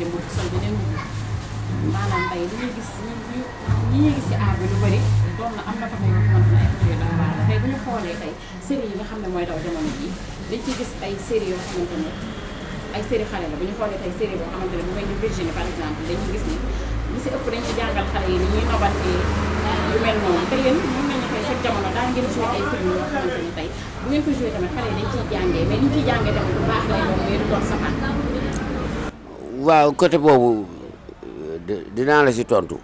changé mooy sol beneen mbubb gis ñu ñi ñuy gis ci aar bi lu bëri doon yi nga xam mooy daw jamono ji dañ ci gis ay série yoo xamante ne la bu ñu xoolee tey série boo xamante ne bu mel li si ëpp dañuy jàngal xale yi ni ñuy nobantee eh, yu mel noonu te yéen mën jamono daa ngeen joué ay film yoo xamante ne tey bu ngeen ko joué tamit xale yi dañ ciy jàngee mais li ñu ciy jàngee tamit bu baax lay doon mais du doon safaan waaw côté boobu dinaa la si tontu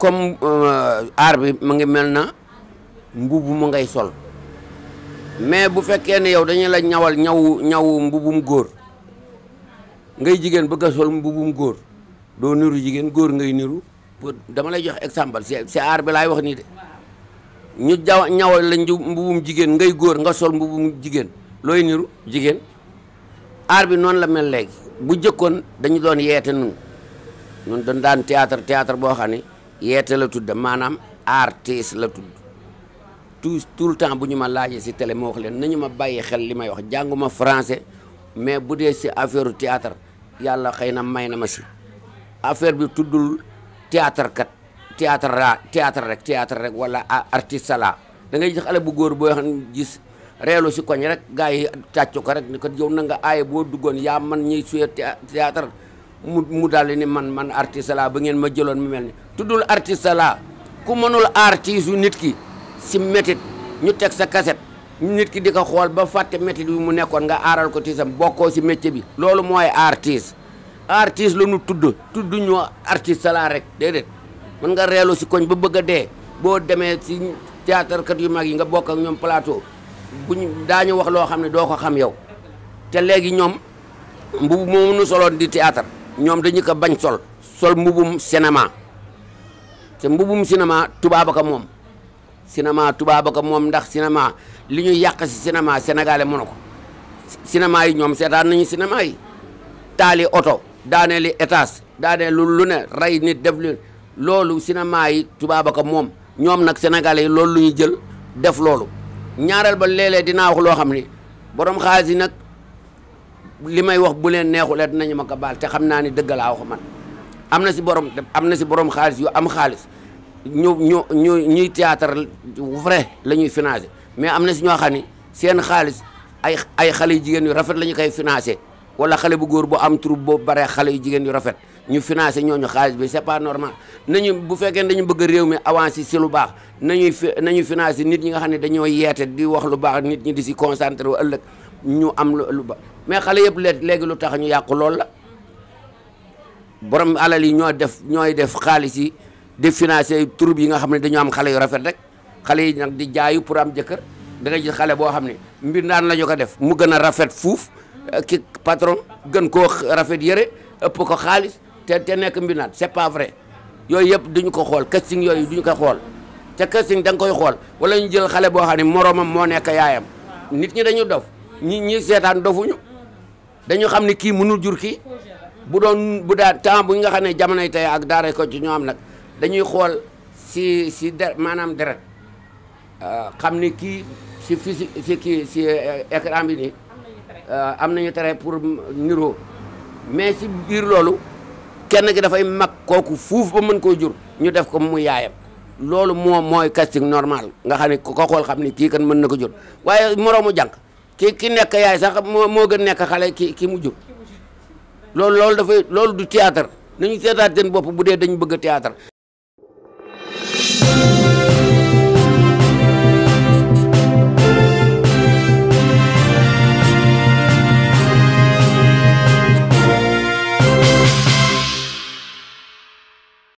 comme euh, aar bi mu ngi mel na mbubb mu ngay sol mais bu fekkee ne yow dañu la ñawal ñaw ñaw mbubum góor ngay jigéen bëgg a sol mbubum góor doo niru jigéen góor ngay niru dama lay jox exemple si aar bi laay wax nii de ñu jaw ñawal la mbubum jigéen ngay góor nga sol mbubum jigéen looy niru jigéen aar bi noonu la mel léegi bu jëkkoon dañu doon yeete nun nun dañ daan théâtre théâtre boo xam ne yeete la tudd maanaam artiste la tudd tout tout le temps bu ñu ma laajee si télé ma wax leen nañu ma bàyyi xel li may wax jànguma français mais bu dee si affaire théâtre yàlla xëy na may na ma si affaire bi tuddul théâtre kat théâtre ra théâtre rek théâtre rek wala artiste la da ngay gis bu góor boo xam gis reelu si koñ rek gars yi tàccu ko rek ni ko yow na nga aaye boo duggoon yaa man ñuy suyee théâtre mu mu daal di man man artiste la ba ngeen ma jëloon mu mel ni tuddul artiste la ku mënul artiste yu nit ki si métit ñu teg sa kaset nit ki di ko xool ba fàtte métit bi mu nekkoon nga aaral ko tiisam bokkoo si métier bi loolu mooy artiste artiste la ñu tudd tuddu ñu artiste la rek déedéet mën nga reelu si koñ ba bëgg a dee boo demee si théâtre kat yu mag yi nga bokk ak ñoom plateau bu ñu daañu wax loo xam ne doo ko xam yow te léegi ñoom mbubu moomu nu soloon di théâtre ñoom dañu ko bañ sol sol mbubum cinéma te mbubum cinéma tubaab ak moom cinéma tubaab ak moom ndax cinéma li ñu yàq si cinéma sénégalais mënu ko cinéma yi ñoom seetaan nañu cinéma yi taali oto daanee li étage daanee lu lu ne rey nit def loolu cinéma yi tubaab ak moom ñoom nag sénégalais yi loolu lu ñu jël def loolu ñaareel ba léeg-léeg dinaa loo xam ni borom xaalis yi nag li may wax bu leen neexulee dinañu ma ko baal te xam naa ni dëgg laa man am na si borom am na si borom xaalis yu am xaalis ñu ñu ñu ñuy théâtre vrai la ñuy financé mais am na si ñoo xam ni seen xaalis ay ay xale yu jigéen yu rafet lañu ñu koy financé wala xale bu góor bu am troupe boo bare xale yu jigéen yu rafet ñu financé ñooñu xaalis bi c'est pas normal nañu bu fekkee dañu bëgg réew mi avancé si lu baax nañuy fi nañu financé nit ñi nga xam ne dañoo yeete di wax lu baax nit ñi di si concentré wu ëllëg ñu am lu ba mais xale yëpp léegi lu tax ñu yàqu lool la borom alal yi ñoo def ñooy def xaalis yi di financé troupe yi nga xam ne dañoo am xale yu rafet rek xale yi nag di jaayu pour am jëkkër da ji xale boo xam ne mbir daan la ko def mu gën a rafet fuuf ki patron gën koo rafet yëre ëpp ko xaalis te te nekk mbinaat c'est pas vrai yooyu yëpp duñu ko xool casting yooyu duñu ko xool te casting da nga koy xool wala ñu jël xale boo xam ne moroomam moo nekk yaayam nit ñi dañu dof ñi ñi seetaan dofuñu dañu xam ne kii mënul jur kii bu doon bu daan temps bu nga xam ne jamonoy tey ak daara ko ci ñoo am nag dañuy xool si si der maanaam deret ah, xam ni kii si physique si kii si eh, écran bi nii ah, am nañu tere pour niroo mais si biir loolu kenn ki dafay mag kooku fuuf ba mën koo jur ñu def ko mu yaayam loolu moom mooy casting normal nga xam ne ko xool xam ne kii kan mën na ko jur waaye moroomu jànq ki ki nekk yaay sax moo moo gën nekk xale ki ki mu jur loolu loolu dafay loolu du théâtre nañu seetaat seen bopp bu dee dañu bëgg théâtre